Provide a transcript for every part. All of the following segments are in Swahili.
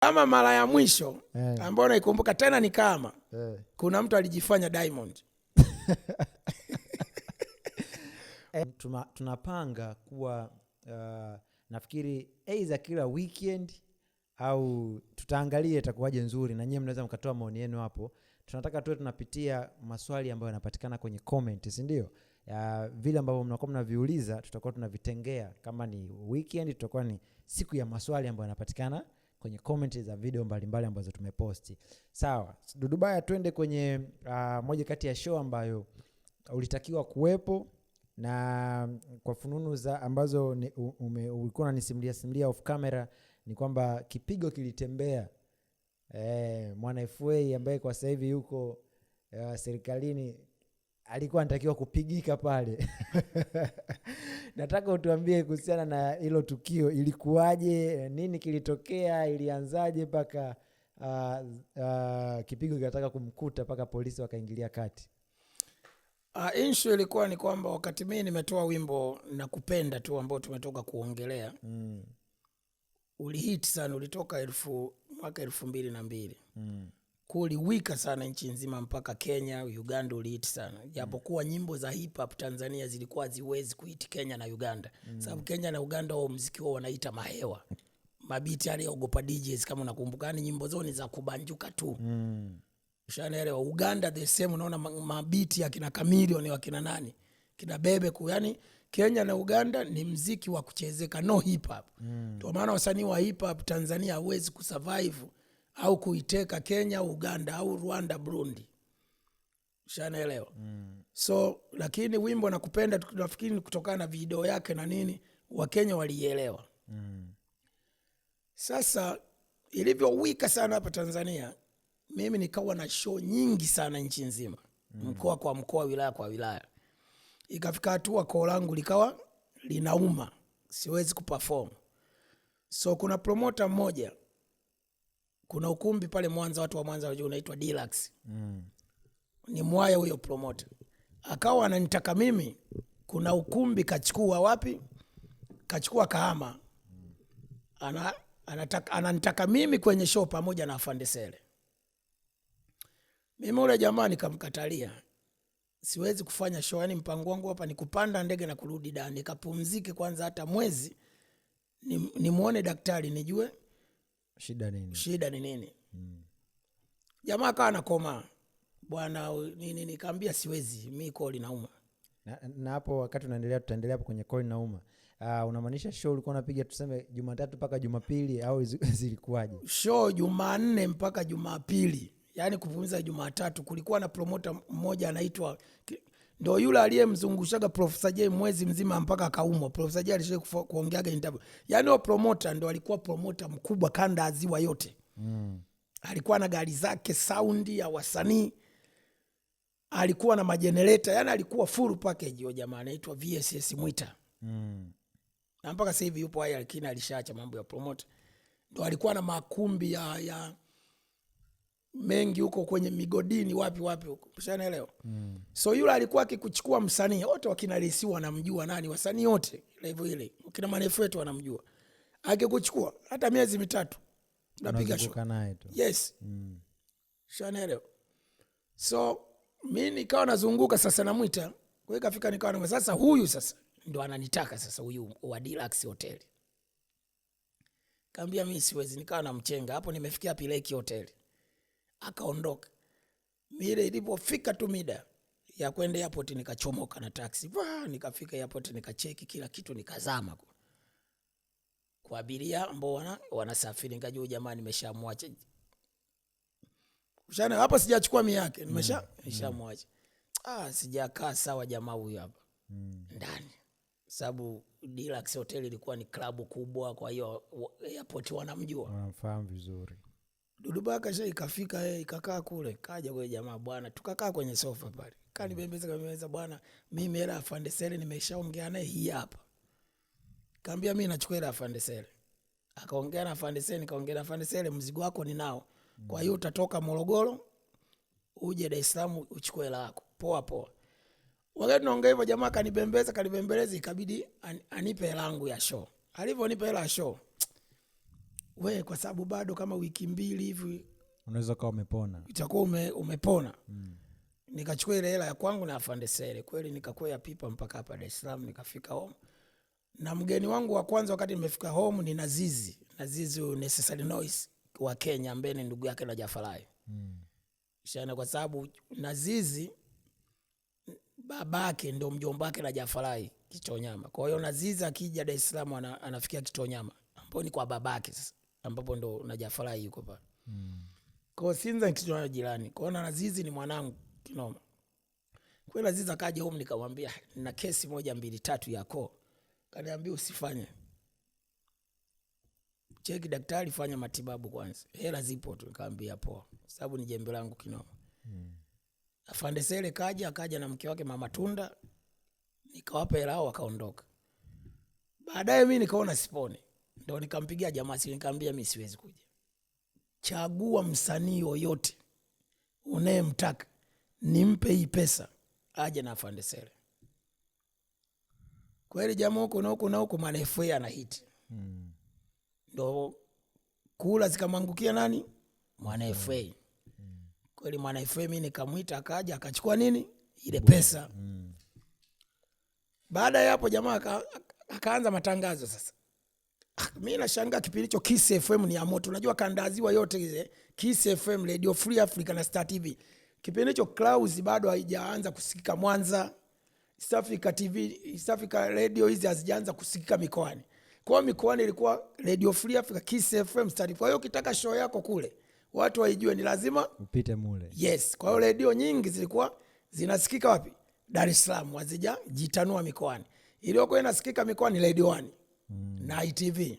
Kama mara ya mwisho yeah, ambayo naikumbuka tena ni kama yeah, kuna mtu alijifanya Diamond eh, Tuna, tunapanga kuwa uh, nafikiri aidha kila weekend au tutaangalia itakuwaje nzuri, na nyie mnaweza mkatoa maoni yenu hapo. Tunataka tuwe tunapitia maswali ambayo yanapatikana kwenye comment, si ndio? ya vile ambavyo mnakuwa mnaviuliza tutakuwa tunavitengea. Kama ni weekend, tutakuwa ni siku ya maswali ambayo yanapatikana kwenye comment za video mbalimbali ambazo tumeposti. Sawa, Dudubaya, twende kwenye uh, moja kati ya show ambayo ulitakiwa kuwepo na kwa fununu za ambazo ulikuwa unanisimulia simulia off camera ni kwamba kipigo kilitembea eh, mwana FA ambaye kwa sasa hivi yuko uh, serikalini alikuwa anatakiwa kupigika pale. Nataka utuambie kuhusiana na hilo tukio, ilikuwaje? Nini kilitokea? Ilianzaje mpaka uh, uh, kipigo kinataka kumkuta mpaka polisi wakaingilia kati? Uh, ah, inshu ilikuwa ni kwamba wakati mii nimetoa wimbo na kupenda tu ambao tumetoka kuongelea mm. ulihiti sana, ulitoka elfu mwaka elfu mbili na mbili mm kuliwika sana nchi nzima mpaka Kenya, Uganda uliiti sana japokuwa mm. nyimbo za hip hop Tanzania zilikuwa ziwezi kuiti Kenya na Uganda mm. sababu Kenya na Uganda wao muziki wao wanaita mahewa mabiti yale ogopa DJs kama unakumbuka, ni yaani nyimbo zao ni za kubanjuka tu mm. Ushanaelewa. Uganda the same, unaona mabiti ya kina Chameleone ni wakina nani kina bebe ku yani Kenya na Uganda ni mziki wa kuchezeka, no hip hop mm. Ndio maana wasanii wa hip hop Tanzania hawezi kusurvive au kuiteka Kenya, Uganda au Rwanda, Burundi. Shanaelewa. Mm. So lakini wimbo nakupenda tunafikiri kutokana na video yake na nini Wakenya waliielewa. Mm. Sasa ilivyowika sana hapa Tanzania, mimi nikawa na show nyingi sana nchi nzima. Mm. Mkoa kwa mkoa, wilaya kwa wilaya. Ikafika hatua koo langu likawa linauma, siwezi kuperform. So kuna promota mmoja kuna ukumbi pale Mwanza, watu wa Mwanza wajua, unaitwa Deluxe mm. ni mwaya huyo promota akawa ananitaka mimi, kuna ukumbi kachukua wapi, kachukua Kahama, ana anataka ananitaka mimi kwenye show pamoja na afandesele Mimi ule jamaa nikamkatalia, siwezi kufanya show, yani mpango wangu hapa ni kupanda ndege na kurudi da, nikapumzike kwanza hata mwezi, nimwone daktari nijue shida nini, shida ni nini? Mm. Jamaa kawa nakoma bwana nini, nikaambia siwezi mi koli nauma na hapo wakati unaendelea, tutaendelea hapo kwenye koli nauma. Uh, unamaanisha show ulikuwa unapiga tuseme Jumatatu mpaka Jumapili au zilikuwaje? Show Jumanne mpaka Jumapili, yaani kupumiza Jumatatu. Kulikuwa na promota mmoja anaitwa ndo yule aliyemzungushaga Profesa J mwezi mzima mpaka akaumwa. Profesa J alisha kuongeaga interview, yani huyo promota ndo alikuwa promota mkubwa kanda ya ziwa yote mm. alikuwa na gari zake, saundi ya wasanii, alikuwa na majenereta, yani alikuwa full package. Huyo jamaa anaitwa VSS Mwita mm. na mpaka sasa hivi yupo hai, lakini alishaacha mambo ya promota. Ndo alikuwa na makumbi ya, ya mengi huko kwenye migodini wapi wapi huko, ushanaelewa mm. So yule alikuwa akikuchukua msanii wote, wakina Lisi wanamjua nani, wasanii wote level ile, kina manefu wetu wanamjua. Akikuchukua hata miezi mitatu napiga show yes mm. shanaelewa so mi nikawa nazunguka sasa, namwita kwa hiyo kafika, nikawa na sasa, huyu sasa ndo ananitaka sasa, huyu wa Deluxe Hotel. Kaambia mi siwezi, nikawa namchenga hapo, nimefikia Pileki Hoteli akaondoka. Vile ilivyofika tu mida ya kwenda airport nikachomoka na taxi. va, nikafika airport nikacheki kila kitu nikazama kwa. Kwa abiria ambao wana, wanasafiri nikajua jamaa nimeshamwacha. Ushana hapa sijachukua mia yake, nimesha mm, mm. nishamwacha. Ah, sijakaa sawa jamaa huyu hapa. mm. Ndani. Sababu Deluxe Hotel ilikuwa ni klabu kubwa, kwa hiyo airport wanamjua. wanamfahamu vizuri. Dudubaka sha ikafika e, ikakaa kule, kaja kwa jamaa bwana, tukakaa kwenye sofa pale. Kani bembeza kameza bwana, mimi hela afande sele nimeshaongea naye hii hapa. Kaambia mimi nachukua hela afande sele. Akaongea na afande sele, nikaongea na afande sele, mzigo wako ninao. Kwa hiyo utatoka Morogoro uje Dar es Salaam uchukue hela yako. Poa poa. Wakati naongea hivyo jamaa kanibembeza kanibembeleza, ikabidi an, anipe hela yangu ya show. Alivyonipa hela ya show we, kwa sababu bado kama wiki mbili hivi unaweza kawa umepona, itakuwa ume, umepona mm. Nikachukua ile hela ya kwangu na afande sele kweli, nikakwea pipa mpaka hapa Dar es nikafika home na mgeni wangu wa kwanza wakati nimefika home ni Nazizi, Nazizi Necessary Noise wa Kenya, ambaye ni ndugu yake na Jafarai mm. Shana, kwa sababu Nazizi babake ndo mjomba wake na Jafarai Kitonyama. Kwa hiyo Nazizi akija Dar es Salaam ana, anafikia Kitonyama ambao ni kwa babake sasa ambapo ndo najafurahi Jafari yuko pale mm. kwao Sinza ni kitu jirani, kwaona na ni mwanangu kinoma kweli. Azizi akaja home, nikamwambia na kesi moja mbili tatu yako, kaniambia usifanye cheki, daktari fanya matibabu kwanza, hela zipo tu. Nikamwambia poa, sababu ni jembe langu kinoma mm. Afande Sele kaja, akaja na mke wake mama Tunda, nikawapa hela, wakaondoka. Baadaye mi nikaona siponi Ndo nikampigia jamaa si nikamwambia mimi siwezi kuja. Chagua msanii yoyote unayemtaka nimpe hii pesa aje na afande sere. Kweli jamaa huko na huko na huko ana Mm. Ndo kula zikamwangukia nani? Mwana Mm. Kweli mwana FA mimi nikamwita akaja akachukua nini? Ile pesa. Mm. Baada ya hapo jamaa akaanza matangazo sasa. Ah, Mi nashangaa kipindi hicho Kiss FM ni ya moto. Unajua kandaziwa yote ile Kiss FM, Radio Free Africa na Star TV. Kipindi hicho Clouds bado haijaanza kusikika Mwanza. East Africa TV, East Africa Radio hizi hazijaanza kusikika mikoani. Kwa hiyo mikoani ilikuwa Radio Free Africa, Kiss FM, Star TV. Kwa hiyo ukitaka show yako kule, watu waijue ni lazima upite mule. Yes, kwa hiyo redio nyingi zilikuwa zinasikika wapi? Dar es Salaam, hazijajitanua mikoani. Iliyokuwa inasikika mikoani Radio 1 mm. na ITV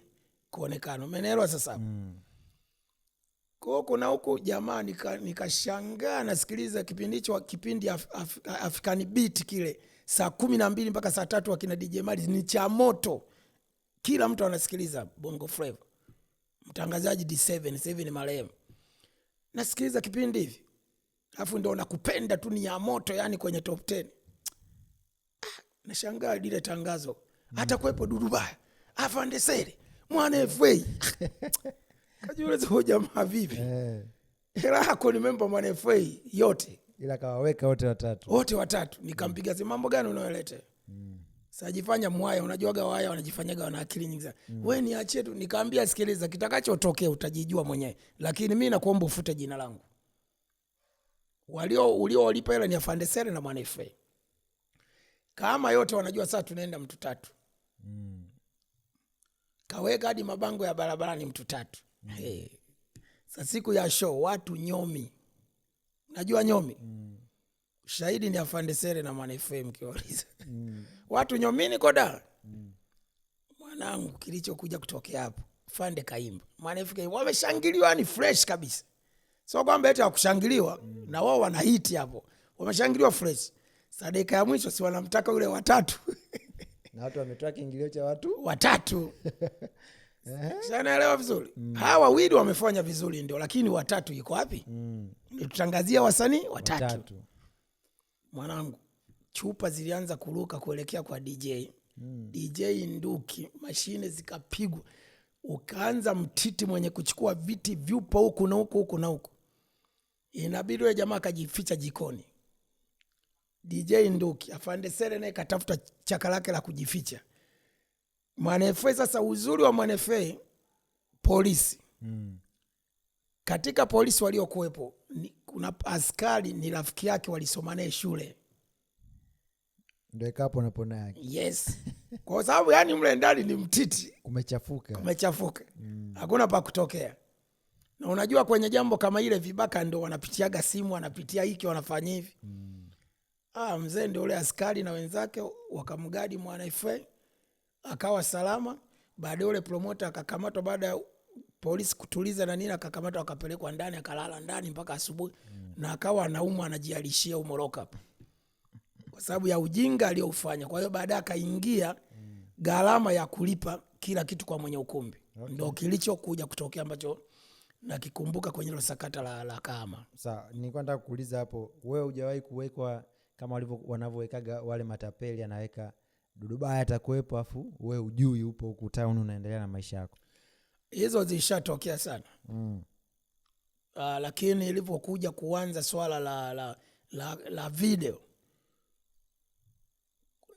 kuonekana. Umeelewa sasa? mm. Kwa kuna huku jamaa nikashangaa nika nasikiliza kipindi hicho kipindi Af, Af, African Beat kile saa kumi na mbili mpaka saa tatu akina DJ Mali ni cha moto, kila mtu anasikiliza Bongo Flava. Mtangazaji D7 sasa ni marehemu, nasikiliza kipindi hivi alafu ndo nakupenda tu ni ya moto, yani kwenye top 10 ah, nashangaa lile tangazo hata mm. kuwepo Dudubaya afandesere mwana FA kajiuliza huyu jamaa vipi eh. Irako nimempa mwana FA yote ila kawaweka wote watatu wote watatu nikampiga, si mambo gani unaoleta mm. Sajifanya mwaya, unajuaga waya wanajifanyaga wana akili nyingi sana mm. We niachie tu, nikaambia sikiliza, kitakachotokea utajijua mwenyewe, lakini mi nakuomba ufute jina langu. Walio uliowalipa hela ni afandesere na mwana FA, kama yote wanajua, saa tunaenda mtu tatu mm kaweka hadi mabango ya barabarani mtu tatu. mm. Hey. Sa siku ya show watu nyomi, najua nyomi mm. Shahidi ni afande Sere na Mwana FM kiwauliza mm. watu nyomini koda mm. mwanangu, kilichokuja kutokea hapo fande kaimba Mwana FM wameshangiliwa ni fresh kabisa, so kwamba eti hakushangiliwa mm. na wao wanahiti hapo, wameshangiliwa fresh. Sadaka ya mwisho si wanamtaka yule watatu na watu wametoa kiingilio cha watu watatu sanaelewa eh? vizuri mm. hawa wawili wamefanya vizuri ndio lakini watatu iko wapi mm. tutangazia wasanii watatu, watatu. mwanangu chupa zilianza kuruka kuelekea kwa dj mm. dj nduki mashine zikapigwa ukaanza mtiti mwenye kuchukua viti vyupa huku na huku huku na huku inabidi jamaa akajificha jikoni DJ Nduki, afande Serene katafuta chaka lake la kujificha. Mwanefe sasa, uzuri wa Mwanefe polisi mm. Katika polisi waliokuwepo kuna askari ni rafiki yake, walisoma naye shule, ndio ikapo na pona yake yes. Kwa sababu yani mle ndani ni mtiti, kumechafuka kumechafuka, mm. hakuna pa kutokea. Na unajua kwenye jambo kama ile vibaka ndo wanapitiaga simu, wanapitia hiki, wanafanya hivi mm. Ah, mzee ndio ule askari na wenzake wakamgadi mwana FA akawa salama. Baadaye ule promoter akakamatwa baada ya polisi kutuliza na nini, akakamatwa akapelekwa ndani akalala ndani mpaka asubuhi mm. na akawa anaumwa anajialishia lockup kwa sababu ya ujinga aliyofanya. Kwa hiyo baadaye akaingia mm. gharama ya kulipa kila kitu kwa mwenye ukumbi okay. Ndo kilichokuja kutokea ambacho nakikumbuka kwenye hilo sakata la, la kama Sawa, nilikuwa kuuliza hapo, wewe hujawahi kuwekwa kama wanavyowekaga wale matapeli, anaweka dudubaya atakuwepo, afu we ujui, upo huku town unaendelea na maisha yako. Hizo zishatokea sana mm. Uh, lakini ilivyokuja kuanza swala la, la, la, la video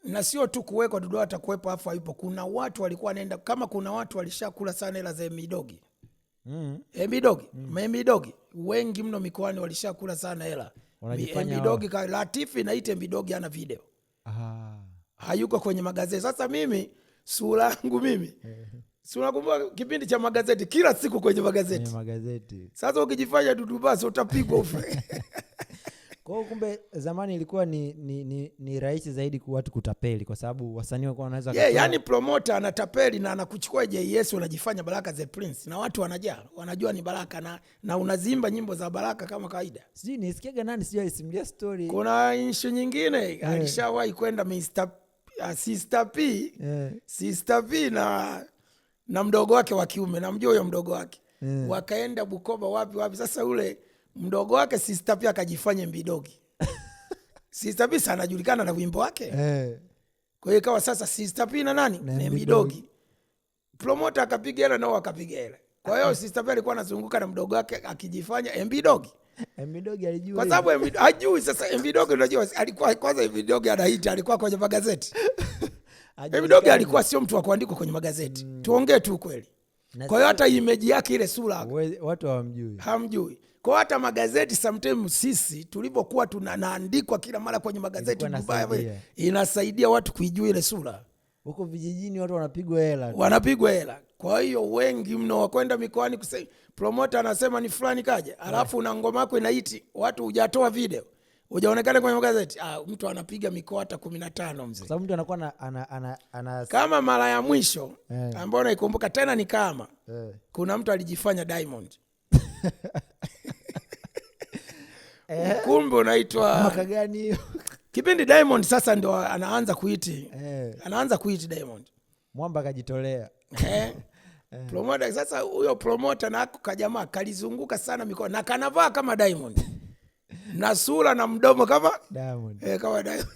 na sio tu kuwekwa dudu atakuwepo afu hayupo. Kuna watu walikuwa wanaenda kama kuna watu walishakula sana hela za midogi mm. Eh, midogi mm. midogi wengi mno mikoani walishakula sana hela mm. Eh, midogi ka Latifi naite Mbidogi ana video. Aha. Hayuko kwenye magazeti. Sasa mimi sura yangu mimi Unakumbuka kipindi cha magazeti kila siku kwenye magazeti, kwenye magazeti. Sasa ukijifanya dudu basi utapigwa ufe kwa kumbe zamani ilikuwa ni, ni, ni, ni rahisi zaidi watu kutapeli kwa sababu wasanii walikuwa wanaweza yeah, yani promota anatapeli na anakuchukua js unajifanya baraka the prince na watu wanajaa wanajua ni baraka na, na unazimba nyimbo za baraka kama kawaida sijui nisikiaga nani sijui alisimulia story kuna issue nyingine yeah. alishawahi kwenda Mr. Uh, ah, sister p yeah. sister p na na mdogo wake wa kiume namjua huyo mdogo wake yeah. wakaenda bukoba wapi wapi sasa ule mdogo wake Sister pia akajifanya mbidogi Sister P anajulikana na wimbo wake eh. Kwa hiyo ikawa sasa Sister P na nani na mbidogi, promota akapiga hela nao akapiga hela. Kwa hiyo Sister pia alikuwa anazunguka na mdogo wake akijifanya mbidogi eh, kwa sababu hajui sasa mbidogi, unajua alikuwa kwanza mbidogi anaita alikuwa kwenye magazeti mbidogi alikuwa sio mtu wa kuandikwa kwenye magazeti mm. Tuongee tu kweli, kwa hiyo hata imeji yake ile sura watu hawamjui, hamjui kwa hata magazeti sometimes sisi tulivyokuwa tunaandikwa kila mara kwenye magazeti Dubai, inasaidia watu kuijua ile sura. Huko vijijini watu wanapigwa hela. Wanapigwa hela. Kwa hiyo wengi mno wakwenda mikoani kusema promoter anasema ni fulani kaja, alafu na ngoma yako inaiti, watu hujatoa video. Hujaonekana kwenye magazeti. Ah, mtu anapiga mikoa hata 15 mzee. Sababu mtu anakuwa ana, ana, ana, ana... Kama mara ya mwisho yeah, ambayo naikumbuka tena ni kama yeah, kuna mtu alijifanya Diamond. eh? ukumbe unaitwa mwaka gani hiyo kipindi diamond sasa ndo anaanza kuiti eh. anaanza kuiti diamond mwamba akajitolea eh? Eh. Promoter, sasa huyo promota nako kajamaa kalizunguka sana mikono na kanavaa kama diamond na sura na mdomo kama diamond. Eh, kama diamond.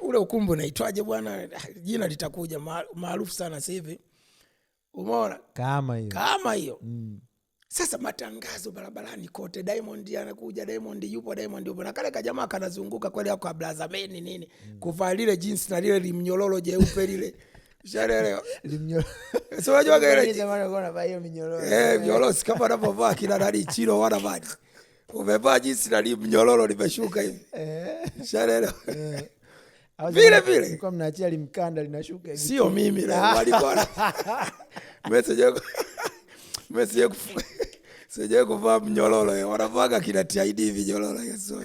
ule ukumbi unaitwaje bwana jina litakuja maarufu sana sahivi umeona kama hiyo kama hiyo mm. Sasa matangazo barabarani kote, Diamond anakuja, Diamond yupo, Diamond yupo, na kale kajamaa kanazunguka kweli, ako abrazameni nini, mm. kuvaa lile jeans na lile limnyololo jeupe lile yaani eh, kina umevaa na limeshuka hivi eh. Eh. vile vile, mnaachia limkanda linashuka hivi, sio mimi walikuwa meseje yako sijai kuvaa mnyororo, wanavaga kina TID hivi nyororo Yesu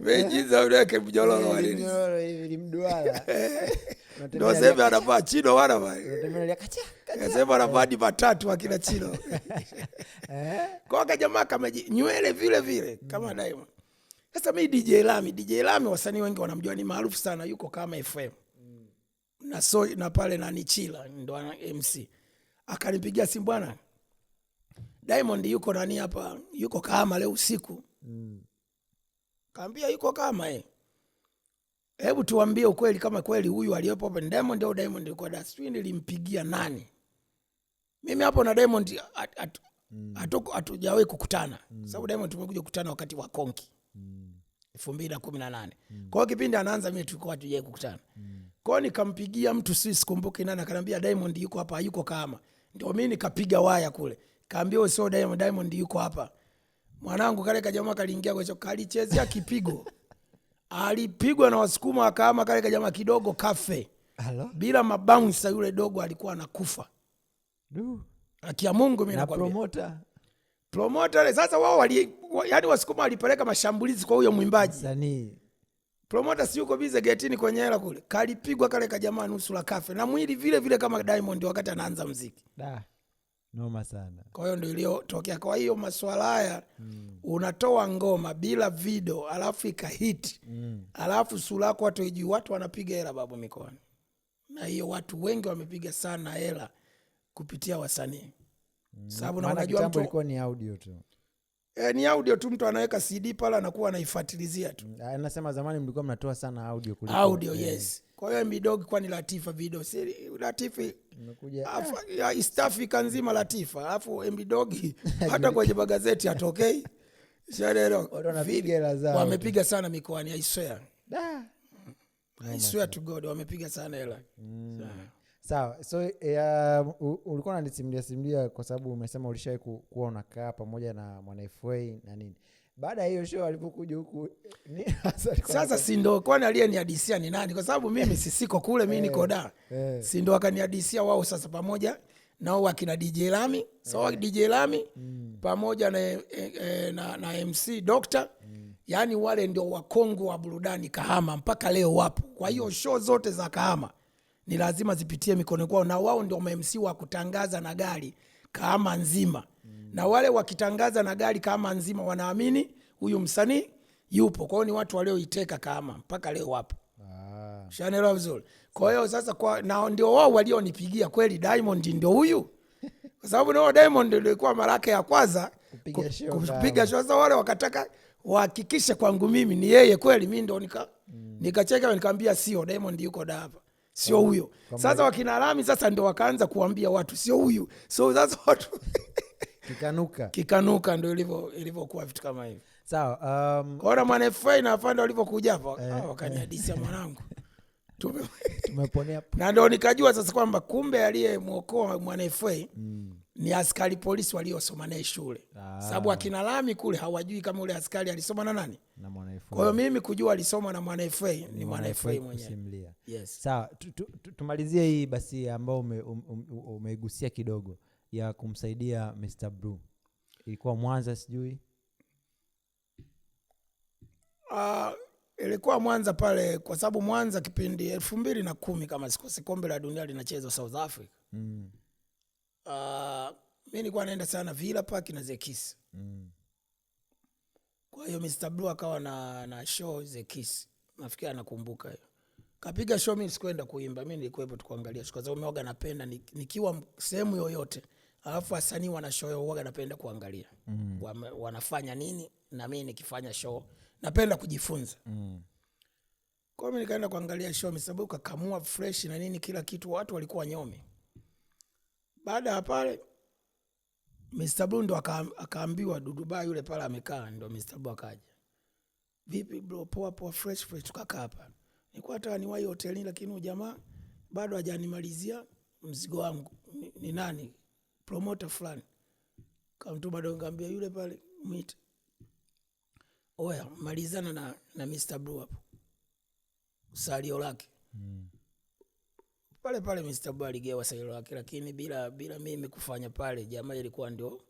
mejiza uliweke mnyororo walini ndo sema anavaa chino wana sehemu anavaa ni matatu akina chino eh? kwa kwaka jamaa kama nywele vile vile kama daima. Sasa mi DJ Lami, DJ Lami wasanii wengi wanamjua, ni maarufu sana, yuko kama FM na so, na pale na Nichila ndo MC akanipigia simu bwana Diamond yuko nani hapa, yuko kama leo usiku mm. Kaambia yuko kama eh, hebu tuambie ukweli, kama kweli huyu aliyepo hapa ni Diamond au Diamond yuko da dustbin, nilimpigia nani? Mimi hapo na Diamond at, mm. kukutana mm. sababu Diamond tumekuja kukutana wakati wa Konki mm. 2018. mm. kwa hiyo kipindi anaanza, mimi tulikuwa hatujawai kukutana mm. kwa hiyo nikampigia mtu, sisi, sikumbuki nani, akaniambia Diamond yuko hapa, yuko kama, ndio mimi nikapiga waya kule kaambia sio Diamond, Diamond yuko hapa. Mwanangu kale kajama kaliingia kwa hicho kalichezea kipigo. Alipigwa na Wasukuma akaama kale kajama kidogo kafe. Hello? Bila mabouncer yule dogo alikuwa anakufa. Du. Akia Mungu mimi nakwambia. promoter. Promoter sasa wao wali yani Wasukuma walipeleka mashambulizi kwa huyo mwimbaji. Msanii. Promoter si yuko bize getini kwenye hela kule. Kalipigwa kale kajamaa nusu la kafe na mwili vile vile kama Diamond wakati anaanza muziki. Da noma sana. Kwa hiyo ndio iliyotokea. Kwa hiyo maswala haya mm. unatoa ngoma bila video alafu ikahiti mm. alafu sulako watu ijui, watu wanapiga hela babu mikoani, na hiyo watu wengi wamepiga sana hela kupitia wasanii mm. sababu na unajua mtu ni audio tu E, ni audio tu, mtu anaweka CD pale anakuwa anaifuatilizia tu. Hmm. Anasema ah, zamani mlikuwa mnatoa sana audio kuliko audio. Eh. Yes, kwa hiyo MB Dog kwani Latifa video si Latifi East Africa nzima Latifa, alafu MB Dog hata kwenye magazeti atokei Wamepiga sana mikoani, I swear. I swear to God wamepiga sana hela. Mm. Sawa, so eh, ulikuwa unanisimulia simulia, kwa sababu umesema ulishawahi kuwa unakaa pamoja na Mwana na nini baada ya hiyo show alipokuja huku eh, sasa, si ndo kwani aliyenihadisia ni nani? Kwa sababu mimi sisiko kule, mi niko eh, da, eh. si ndo akanihadisia wao. Sasa pamoja nao wakina DJ Lami, so DJ Lami mm. pamoja na, eh, na, na MC Doctor mm. yani wale ndio wakongwe wa burudani Kahama mpaka leo wapo. Kwa hiyo mm. show zote za Kahama ni lazima zipitie mikono kwao, na wao ndio ma MC wa kutangaza na gari Kahama nzima mm na wale wakitangaza na gari kama nzima wanaamini huyu msanii yupo. Kwa hiyo ni watu walioiteka kama mpaka leo wapo. Ah. Shanelewa vizuri. Kwa hiyo sasa kwa na ndio wao walionipigia kweli Diamond ndio huyu. Kwa sababu nao Diamond ndio ilikuwa mara yake ya kwanza kupiga show. Sasa wale wakataka wahakikishe kwangu mimi ni yeye kweli, mimi ndo nika mm. nikacheka nikamwambia sio Diamond yuko da hapa. Sio oh, huyo. Sasa wakina Lami sasa ndio wakaanza kuambia watu sio huyu. So sasa watu kikanuka kikanuka ndo ilivyokuwa vitu kama hivi sawa so, um, kaona mwana fai na walivyokuja hapa eh, wakaniadisia eh. mwanangu na ndo nikajua sasa kwamba kumbe aliyemwokoa mwana fa mm. ni askari polisi waliosoma naye shule ah. sababu akina lami kule hawajui kama ule askari alisoma na nani kwa hiyo mimi kujua alisoma na mwana fa ni mwana fa mwenyewe sawa tumalizie hii basi ambao um, um, umeigusia ume, ume, ume kidogo ya kumsaidia Mr. Blue ilikuwa Mwanza sijui uh, ilikuwa Mwanza pale, kwa sababu Mwanza kipindi elfu mbili na kumi kama sikosi, kombe la dunia linachezwa South Africa mm. Uh, mi nilikuwa naenda sana Villa Park na Zekis mm. Kwa hiyo Mr. Blue akawa na, na show Zekis, nafikiri anakumbuka hiyo kapiga show. Mi sikuenda kuimba, mi nilikuwepo tukuangalia, kwa sababu meoga napenda nikiwa sehemu yoyote mm Alafu wasanii wana show huwa napenda kuangalia. Mm. Wame, Wanafanya nini na mimi nikifanya show napenda kujifunza. Mm. Kwa hiyo nikaenda kuangalia show misabu kakamua fresh na nini kila kitu watu walikuwa nyome. Baada ya pale Mr. Blue ndo akaambiwa Duduba yule pale amekaa ndo Mr. Blue akaja. Vipi bro, poa poa, fresh fresh, tukakaa hapa. Nilikuwa hata niwahi hotelini, lakini huyu jamaa bado hajanimalizia mzigo wangu. Ni, Ni nani? promoter fulani kamtuma do nikaambia yule pale mwite oya malizana na, na Mr. Blue hapo salio lake mm. pale pale Mr. Blue aligewa salio lake lakini bila, bila mimi kufanya pale jamaa ilikuwa ndio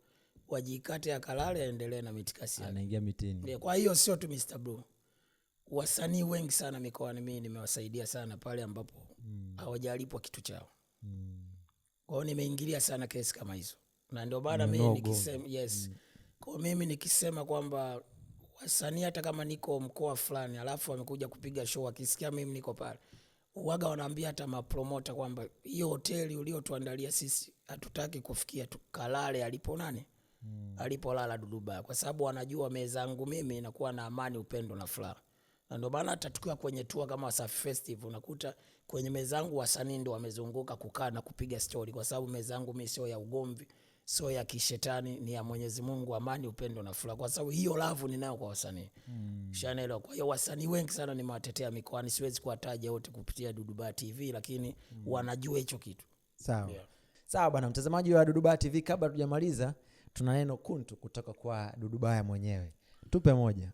wajikate akalale aendelee na mitikasi anaingia mitini kwa hiyo sio tu Mr. Blue wasanii wengi sana mikoani mii nimewasaidia sana pale ambapo mm. hawajalipwa kitu chao kwao nimeingilia sana kesi kama hizo, na ndio maana mimi nikisema yes, mm. kwao mimi nikisema kwamba wasanii hata kama niko mkoa fulani alafu wamekuja kupiga show wakisikia mimi niko pale, waga wanaambia hata mapromota kwamba hiyo hoteli uliotuandalia sisi hatutaki kufikia, tukalale alipo nani mm. alipolala Duduba, kwa sababu wanajua meza yangu mimi inakuwa na amani, upendo na furaha, na ndio maana hata tukiwa kwenye tua kama Wasafi Festival unakuta kwenye meza yangu wasanii ndo wamezunguka kukaa na kupiga stori, kwa sababu meza yangu sio ya ugomvi, sio ya kishetani, ni ya Mwenyezi Mungu, amani, upendo na furaha, kwa sababu hiyo lavu ninayo kwa wasanii mm. Shanelo. Kwa hiyo wasanii wengi sana nimewatetea mikoani, siwezi kuwataja wote kupitia Dudubaya TV, lakini mm. wanajua hicho kitu. Sawa yeah. Sawa bwana mtazamaji wa Dudubaya TV, kabla tujamaliza, tuna neno kuntu kutoka kwa Dudubaya mwenyewe, tupe moja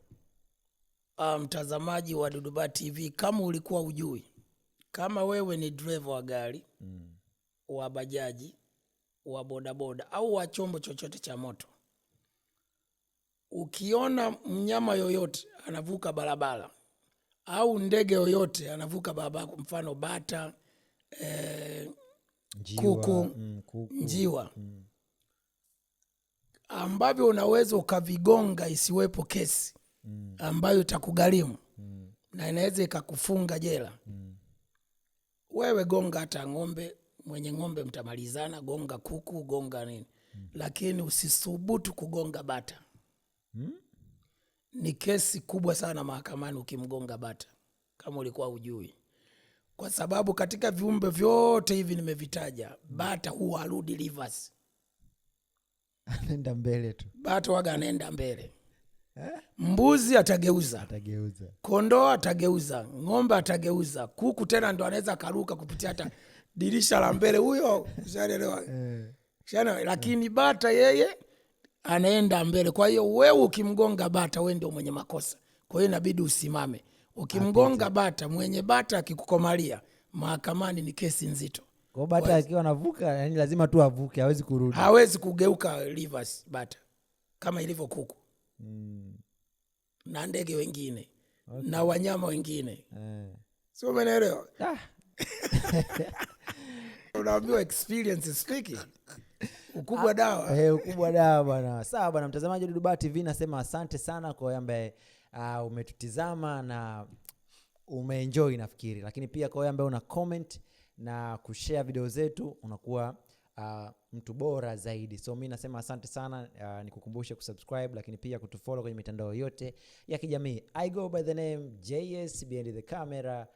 ah, mtazamaji um, wa Dudubaya TV, kama ulikuwa ujui kama wewe ni dreva wa gari mm. wa bajaji wa bodaboda au wa chombo chochote cha moto, ukiona mnyama yoyote anavuka barabara au ndege yoyote anavuka barabara, mfano bata eh, njiwa, kuku, mm, kuku njiwa mm. ambavyo unaweza ukavigonga isiwepo kesi mm. ambayo itakugharimu mm. na inaweza ikakufunga jela mm wewe gonga hata ng'ombe, mwenye ng'ombe mtamalizana, gonga kuku, gonga nini mm. Lakini usisubutu kugonga bata mm. Ni kesi kubwa sana mahakamani ukimgonga bata, kama ulikuwa ujui, kwa sababu katika viumbe vyote hivi nimevitaja, mm. bata huwa arudi livers anaenda mbele tu, bata waga anaenda mbele Mbuzi atageuza, atageuza. Kondoo atageuza, ng'ombe atageuza, kuku tena ndo anaweza karuka kupitia hata dirisha la mbele huyo, ushaelewa eh. lakini bata yeye anaenda mbele. Kwa hiyo wewe ukimgonga bata, wewe ndio mwenye makosa. Kwa hiyo inabidi usimame. Ukimgonga bata, mwenye bata akikukomalia mahakamani, ni kesi nzito. Kwa bata akiwa anavuka, yani lazima tu avuke, hawezi kurudi, hawezi kugeuka reverse bata kama ilivyo kuku mm. na ndege wengine okay. na wanyama wengine eh. sio menaelewa ah. unaambiwa experience speaking ukubwa ah. dawa hey, eh, ukubwa dawa bwana sawa bwana mtazamaji dudubaa tv nasema asante sana kwa ambaye uh, umetutizama na umeenjoy nafikiri lakini pia kwa ambaye una comment na kushare video zetu unakuwa uh, mtu bora zaidi. So mi nasema asante sana uh, nikukumbushe kusubscribe lakini pia kutufollow kwenye mitandao yote ya kijamii. I go by the name JS behind the camera.